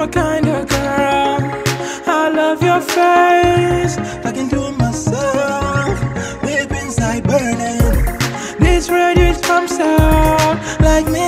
I'm a kind of girl. I love your face. Talking to myself, whip inside burning. This red radiates from soul like me.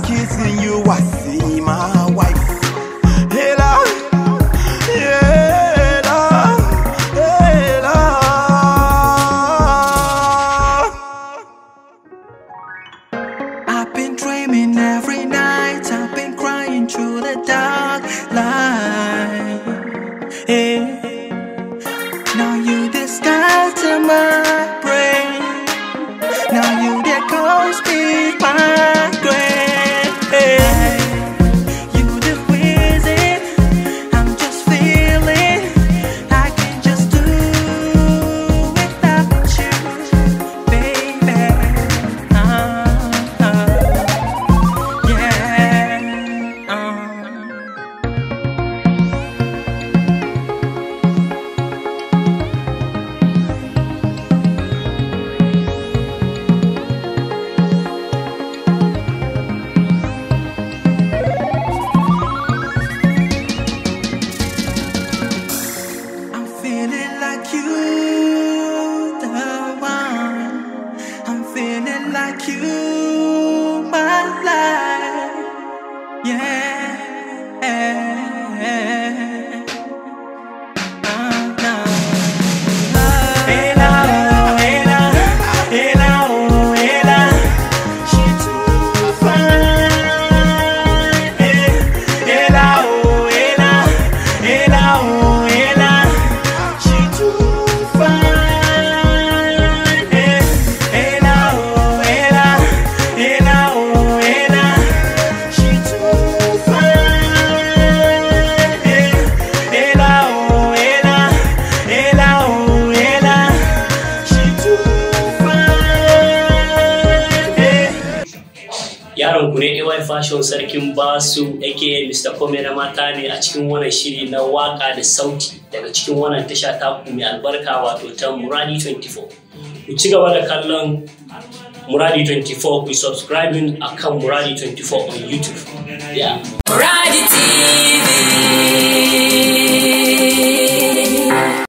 kissing you, I see my wife. Hela, hela, hela. I've been dreaming every night, I've been crying through the dark. Yaron ku ne AY Fashion Sarkin Basu aka Mr. Kome na mata ne a cikin wannan shiri na waka da sauti daga cikin wannan tasha taku mai albarka wato ta Muradi 24. Ku ci gaba da kallon Muradi 24 ku subscribing akan Muradi 24 on YouTube. Yeah. Muradi TV